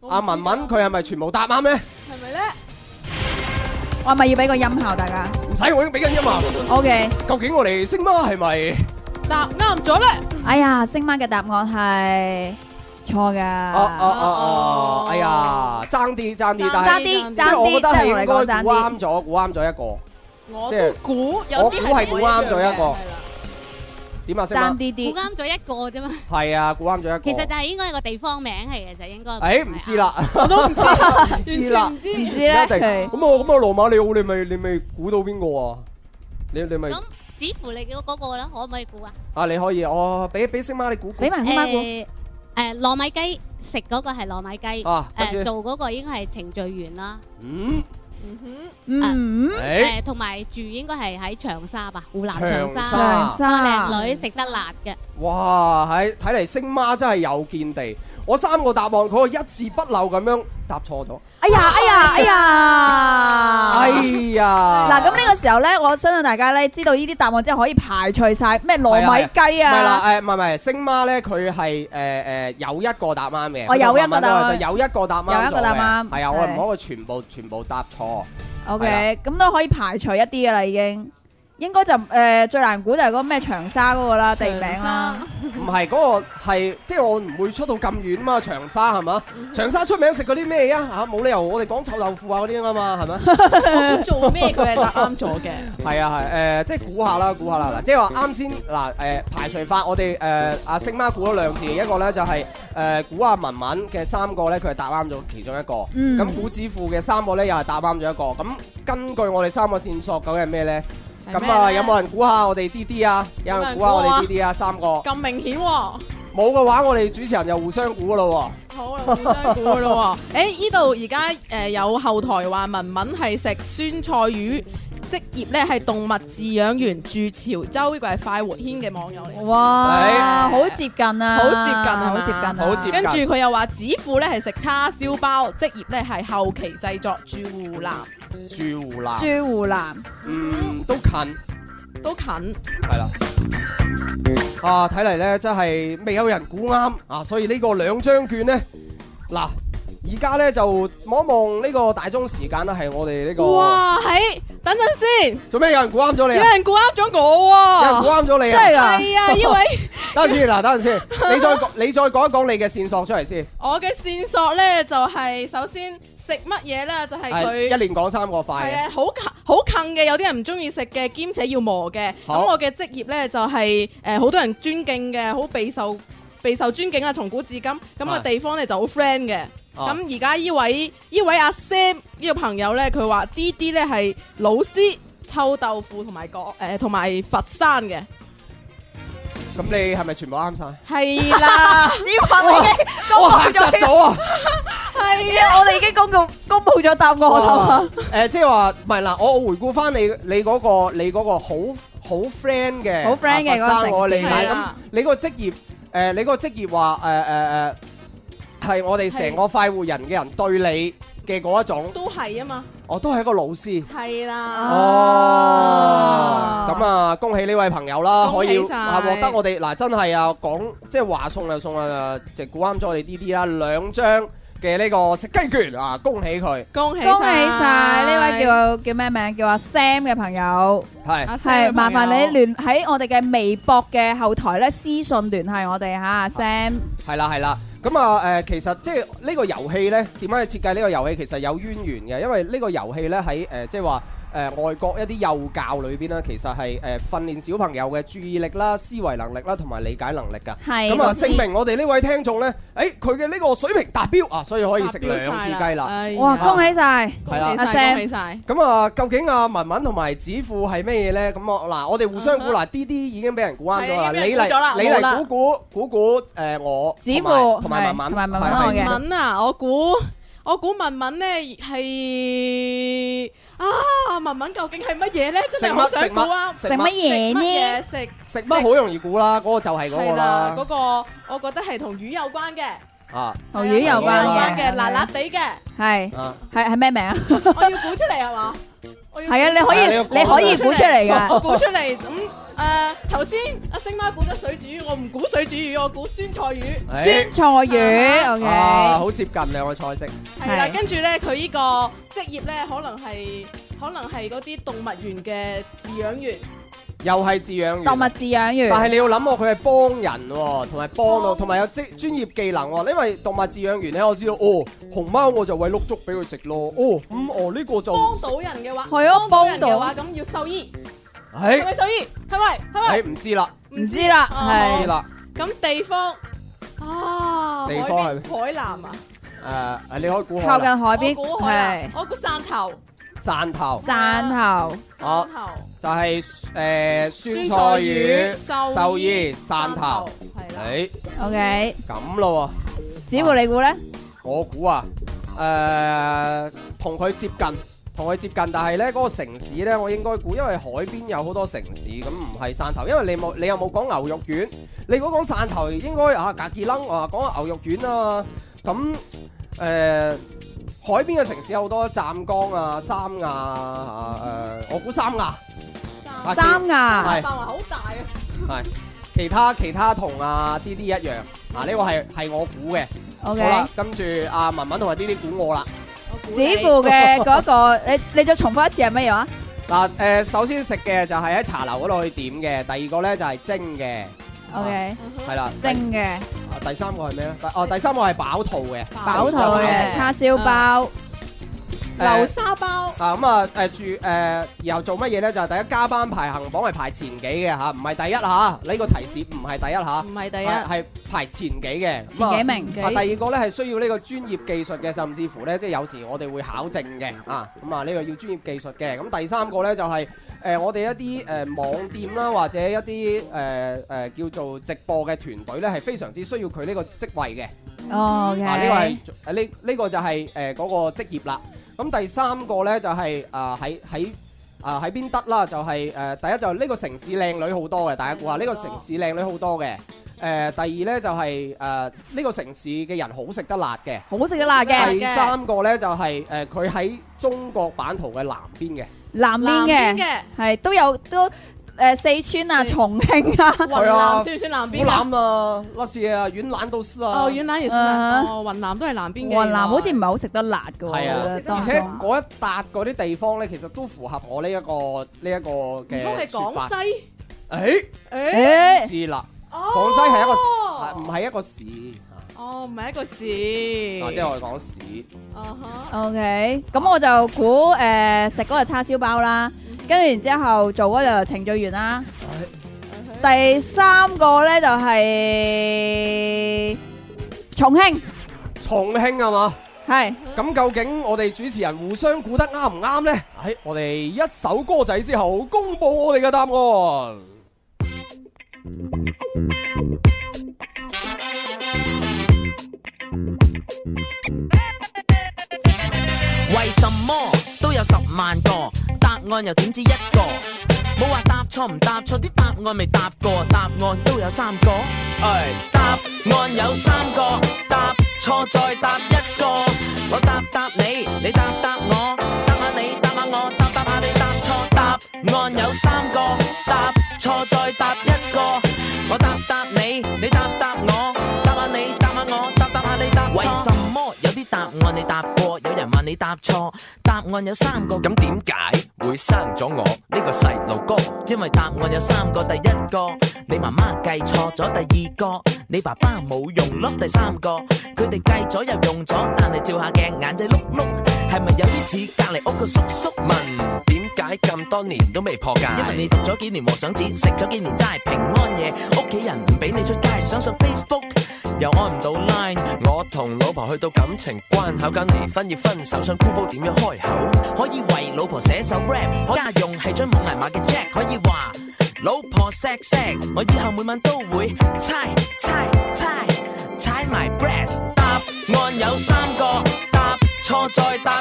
阿文文佢係咪全部答啱咧？係咪咧？
我係咪要俾個音效大家？唔
使，我已經俾緊音效。O K。究竟我哋星媽係咪
答啱咗咧？哎呀，星媽嘅答案係
錯嘅。哦哦哦哦！哎呀，爭啲爭啲大。爭啲爭啲，即係我覺得係我估啱咗，我啱咗一個。我都估，我估係我啱咗一個。點啊？三啲啲，估
啱咗一個啫嘛。
係啊，估啱咗一個。其實
就係應該係個地方名嚟嘅，就應該。誒，
唔知啦，我都唔知，完全唔知唔知啦一定係。咁啊咁啊，羅馬尼奧你咪你咪估到邊個啊？你你咪咁
似乎你嘅嗰個啦，可唔可以估啊？
啊，你可以啊！我俾俾星媽你估估。俾埋
星媽估。誒誒，糯米雞食嗰個係糯米雞。啊，得。誒做嗰個應該係程序員啦。嗯。
嗯哼，嗯，誒，
同埋住應該係喺長沙吧，湖南長
沙，長沙靚沙女食得辣
嘅，哇，喺睇嚟星媽真係有見地。我三個答案，佢一字不漏咁樣答錯咗。
哎呀，哎呀，哎呀， 哎
呀！嗱，
咁呢個時候呢，我相信大家呢，知道呢啲答案之後，可以排除晒咩糯米雞啊。係啦、啊啊
啊哎啊，星媽呢，佢係誒誒有一個答啱嘅。我、哦、有一個答案，有一個答啱，有一個答啱。係啊，我唔可以全部、啊、全部全部答錯。
OK，咁、啊、都可以排除一啲嘅啦，已經。應該就誒、呃、最難估就係嗰個咩長沙嗰個啦，地名啦。
唔係嗰個係，即、就、係、是、我唔會出到咁遠啊嘛，長沙係嘛？ 長沙出名食嗰啲咩啊？吓，冇理由我哋講臭豆腐啊嗰啲啊嘛，係咪？ 做咩佢係答啱咗嘅？係 啊係，誒即係估下啦，估下啦，嗱，即係話啱先嗱，誒、啊呃、排除法，我哋誒阿星媽估咗兩次，一個咧就係誒估阿文文嘅三個咧，佢係答啱咗其中一個，咁古子富嘅三個咧又係答啱咗一個，咁根據我哋三個線索究竟係咩咧？咁啊，有冇人估下我哋啲啲啊？有冇人估下我哋啲啲啊？三個咁明顯、啊，冇嘅話，我哋主持人又互相估咯、啊。好，互
相估咯、啊。誒、 欸，依度而家誒有後台話文文係食酸菜魚，職業咧係動物飼養員，住潮州，呢、這個係快活軒嘅網友嚟。哇，好是接近啊！好接，接近啊！好接近啊！好接近。跟住佢又話子富咧係食叉燒包，職業咧係後期製作住，住湖南。
住湖南，住湖南，嗯，都近，
都近，係啦，
啊，睇嚟咧，真係未有人估啱啊！所以個兩張呢個兩張券咧，嗱、啊，而家咧就望一望呢個大鐘時間啦，係我哋呢、這個，哇，喺，等陣先，做咩有人估啱咗你啊？有人估啱咗我、啊，有人估啱咗你啊？真係啊！係啊 為，呢位， 等陣先，嗱，等陣先，你再你再講一講你嘅線索出嚟先。
我嘅線索咧就係、是、首先。食乜嘢呢？就係、是、佢、哎、是一
年講三個塊是，係
啊的，好近好近嘅。有啲人唔中意食嘅，兼且要磨嘅。咁、哦、我嘅職業呢，就係誒好多人尊敬嘅，好備受備受尊敬啊！從古至今咁個地方呢就好 friend 嘅。咁而家呢位呢位阿 Sam 呢個朋友呢，佢話啲啲呢係老師臭豆腐同埋廣誒同埋佛山
嘅。
咁、嗯、你係咪全部啱晒？係啦，呢份已
經公布咗。係啊， 啊， 我哋已經公共
公佈咗答案啦。誒、呃，即係話唔係嗱，我我回顧返你你嗰、嗰個你嗰好好 friend 嘅好 friend 嘅個同事，咁們是、啊、你，那你嗰個職業誒、呃，你個職業話誒誒誒，係、呃呃、我哋成個快活人嘅人對你。嘅嗰一種，都
係啊嘛，
我都係一個老師，係啦，哦，咁啊，恭喜呢位朋友啦，恭喜曬，可以獲得我哋嗱真係啊講即係話送就送啊，就估啱咗我哋啲啲啦，兩張嘅呢個食雞券啊，恭喜佢，
恭喜曬，恭喜
曬呢位叫叫咩名叫阿 Sam 嘅朋友，係，係，麻煩你聯喺我哋嘅微博嘅後台咧私信聯繫我哋嚇阿 Sam，
係啦係啦。咁啊，誒、呃，其實即係呢個遊戲咧，點解要設計呢個遊戲？其實有淵源嘅，因為這個呢個遊戲咧喺誒，即係話。誒，外國一啲幼教裏邊咧，其實係誒訓練小朋友嘅注意力啦、思維能力啦，同埋理解能力噶係。咁啊，證明我哋呢位聽眾咧，誒，佢嘅呢個水平達標啊，所以可以食兩次雞啦。係。哇，恭喜晒！係啦，阿 Sam。恭喜晒！咁啊，究竟阿文文同埋子富係咩嘢咧？咁啊嗱，我哋互相估啦。啲啲已經俾人估啱咗啦。估咗啦。你嚟估估估估誒，我。子富。同埋文文。同埋文文。同埋
文文啊！我估我估文文咧係。啊，文文究竟係乜嘢咧？真係好想估啊！食乜嘢呢？食
食乜好容易估啦！嗰個就係嗰個啦。嗰
個我覺得係同魚有關嘅。
啊，
同魚有關嘅，辣辣
地嘅。
係，
係係咩名啊？我要
估出嚟係嘛？係啊，你可
以你可以估出嚟噶。我估出
嚟咁。誒，頭先阿星媽估咗水煮魚，我唔估水煮魚，我估酸菜魚。酸
菜魚，啊，好接近兩個菜式。
係，跟住咧，佢呢個職業咧，可能係，可能係嗰啲動物園嘅飼養員。
又係飼養員。動物飼養員。但係你要諗我，佢係幫人，同埋幫到，同埋有職專業技能。因為動物飼養員咧，我知道，哦，熊貓我就餵碌竹俾佢食咯。哦，咁哦，呢個就幫到
人嘅話，係啊，幫到人嘅話，咁要獸醫。係咪獸醫？係咪？係咪？
唔知啦，唔知啦，係啦。
咁地方啊，地方係海南啊。
誒，你可估靠近海邊？我
估汕頭。
汕頭。汕頭。汕頭。就係誒酸菜魚獸醫汕頭。係啦。誒。OK。咁咯喎。
指互你估咧？
我估啊，誒，同佢接近。同佢接近，但係咧嗰個城市咧，我應該估，因為海邊有好多城市，咁唔係汕頭，因為你冇你又冇講牛肉丸，你如果講汕頭，應該啊隔傑冷啊，講下牛肉丸啊嘛，咁誒海邊嘅城市有好多湛江啊、三亞啊，誒我估三亞，三亞係範圍好大啊，係、啊啊啊啊、其他其他同啊，D D 一樣，嗱、啊、呢、這個係係我估嘅，OK，好啦，跟住阿文文同埋 D D 估我啦。支付嘅嗰
個， 你你再重複一次係乜嘢話？
嗱，誒，首先食嘅就係喺茶樓嗰度去點嘅，第二個咧就係蒸嘅。OK，係啦，蒸
嘅。
啊，第三個係咩咧？哦，第三個係飽肚嘅，飽肚嘅叉燒
包，嗯。流沙包
啊咁啊誒住誒，然後做乜嘢咧？就係、係、第一加班排行榜係排前幾嘅吓，唔係第一吓。呢、呢個提示唔係第一吓，唔係第一係、啊、排前幾嘅。前幾名。嘅、啊。第二個咧係需要呢個專業技術嘅，甚至乎咧即係有時我哋會考證嘅啊。咁啊呢、呢個要專業技術嘅。咁、啊、第三個咧就係、係。誒、呃，我哋一啲誒、呃、網店啦，或者一啲誒誒叫做直播嘅團隊咧，係非常之需要佢呢個職位嘅。哦、oh, okay. 啊，嗱呢個呢呢個就係誒嗰個職業啦。咁第三個咧就係啊喺喺啊喺邊得啦？呃這個、就係誒第一就呢、係呃呢個城市靚女好多嘅，大家估下呢、呢個城市靚女好多嘅。誒，第二咧就係誒呢個城市嘅人好食得辣嘅，好食得辣嘅。第三個咧就係誒佢喺中國版圖嘅南邊嘅，
南邊嘅係都有都誒四川啊、重慶啊、雲南算唔算南邊啊？雲
南啊，拉是啊，雲南都係啊，哦，雲南要斯啊，哦，雲南都係南邊嘅。雲南好
似唔係好食得辣
嘅
喎，係
啊，
而且嗰一笪嗰啲地方咧，其實都符合我呢一個呢一個嘅。都係廣西，
誒誒，唔知
啦。廣西係一個唔係一個市，
哦，唔係一個市，哦，即係我哋講市
，OK。咁我就估誒食嗰個叉燒包啦，跟住然之後做嗰個程序員啦，第三個咧就係重
慶，重慶係咪？係。咁究竟我哋主持人互相估得啱唔啱咧？喺我哋一首歌仔之後公布我哋嘅答案。
乜都有十萬個答案又點止一個？冇話答錯唔答錯，啲答，答案未答過，答案都有三個。哎，答案有三個，答錯再答一個。我答答你，你答答我，答下、啊、你答下、啊、我，答答下、啊、你答錯。答案有三個，答錯再答。你答錯，答案有三個、個，咁點解會生咗我呢個細路哥？因為答案有三個，第一個你媽媽計錯咗，第二個你爸爸冇用碌，第三個佢哋計咗又用咗，但係照下鏡，眼仔碌碌，係咪有啲似隔籬屋個
叔叔？問點解。喺咁多年都未破戒，因為你讀咗幾年和尚紙，食咗幾年齋平安夜，屋企人唔俾你出街，想上 Facebook 又按唔到 line。我同老婆去到感情關口，緊離婚要分手，想箍煲點樣開口？可以
為老婆寫首 rap，家用係張冇銀碼嘅 jack，可以話老婆錫錫，我以後每晚都會猜猜猜猜埋 breast。答案有三個，答錯再答。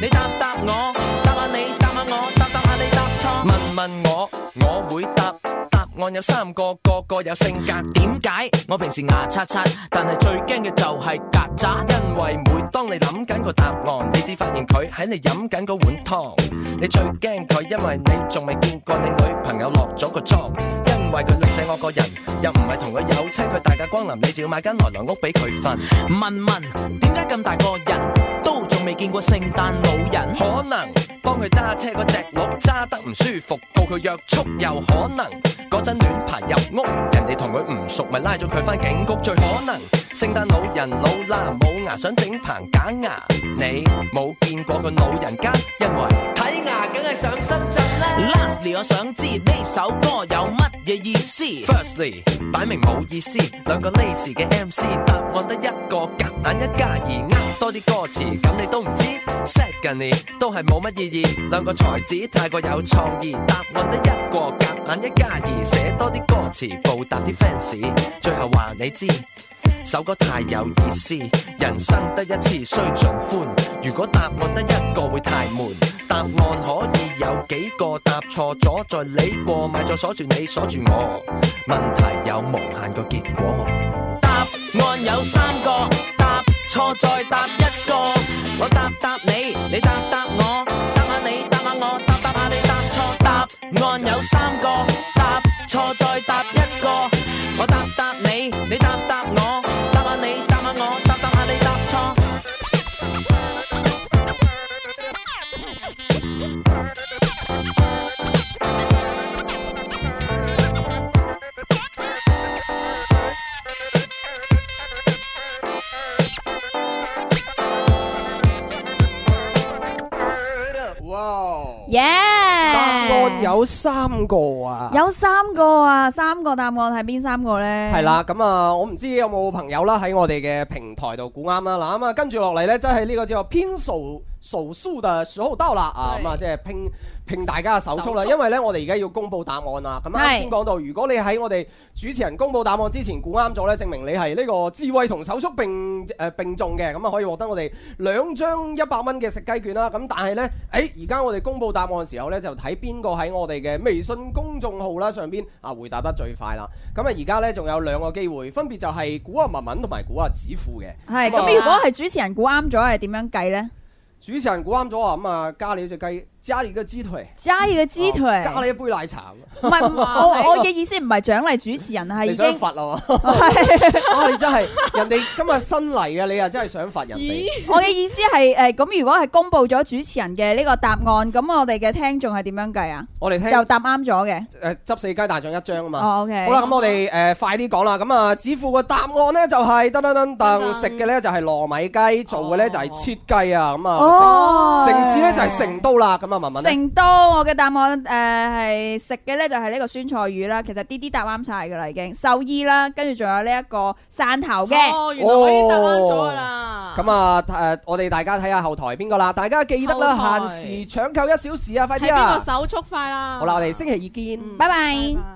你答答我，答下你，答下我，答答下你，答，答，答，你答錯。問問我，我會答，
答案有三個，個個有性格。點解？我平時牙刷刷，但係最驚嘅就係曱甴，因為每當你諗緊個答案，你只發現佢喺你飲緊嗰碗湯。你最驚佢，因為你仲未見過你女朋友落咗個妝，因為佢靚仔我個人。又唔係同佢有親，佢大駕光臨，你就要買間鵝卵屋俾佢瞓。問問點解咁大個人都仲未見過聖誕老人？可能。幫佢揸車嗰隻鹿揸得唔舒服，告佢約束又可能，嗰陣亂爬入屋，人哋同佢唔熟咪拉咗佢返警局最可能。聖誕老人老啦，冇牙想整棚假牙，你冇見過個老人家，因為睇牙梗係上深圳啦。Lastly，我想知呢首歌有乜嘢意思？Firstly，擺明冇意思，兩個 lazy 嘅 MC 答案得一個夾硬一加二，呃多啲歌詞咁你都唔知。Secondly，都係冇乜意義。兩個才子太過有創意，答案得一個夾硬一加二，寫多啲歌詞報答啲 fans。最後話你知，首歌太有意思。人生得一次，需盡歡。如果答案得一個會太悶，答案可以有幾個，答錯咗，再理過，咪再鎖住你，鎖住我。問題有無限個結果，
答案有三個，答錯再答一。
三個答案係邊三個呢？係啦，
咁、嗯、啊，我唔知有冇朋友啦喺我哋嘅平台度估啱啦。嗱、嗯，咁啊，跟住落嚟呢，即係呢個叫做 Pencil、so，手速就上到啦，啊咁啊，對即係拼拼大家嘅手速啦。速因為呢，我哋而家要公布答案啦。咁啱先講到，如果你喺我哋主持人公布答案之前估啱咗呢，證明你係呢個智慧同手速並誒、呃、並重嘅，咁啊可以獲得我哋兩張一百蚊嘅食雞券啦。咁但係呢，誒而家我哋公布答案嘅時候呢，就睇邊個喺我哋嘅微信公衆號啦上邊啊回答得最快啦。咁啊而家呢，仲有兩個機會，分別就係估阿文文同埋估阿子富嘅。係咁是，嗯、如果係
主持人估啱咗，係點樣計呢？
主持人估啱咗啊！咁、嗯、啊，加你隻雞。加你個雞腿，加你個雞腿，加你一杯奶茶。唔係，我我嘅意
思唔係獎勵主持人，係已經罰
啦。係啊，你真係人哋今日新嚟嘅，你又真係想罰人哋。
我嘅意思係誒，咁如果係公佈咗主持人嘅呢個答案，咁我哋嘅聽眾係點樣計啊？我哋聽就答啱咗嘅，
誒執死雞大獎一張啊嘛。OK 好啦，咁我哋誒快啲講啦。咁啊，指富嘅答案咧就係噔噔噔噔，食嘅咧就係糯米雞，做嘅咧就係切雞啊。咁啊，城市咧就係成都啦。咁啊。文文成
都，我嘅答案誒係食嘅咧就係、是、呢個酸菜魚啦。其實啲啲答啱晒噶啦，已經獸醫啦，跟住仲有呢一個汕頭嘅。哦，原來我
已經答啱咗啦。咁啊誒，我哋大家睇下後台邊個啦，大家記得啦，台限時搶購一小時啊，快啲啊！邊個
手速快啦。
好啦，我哋星期二
見。嗯、拜拜。拜拜。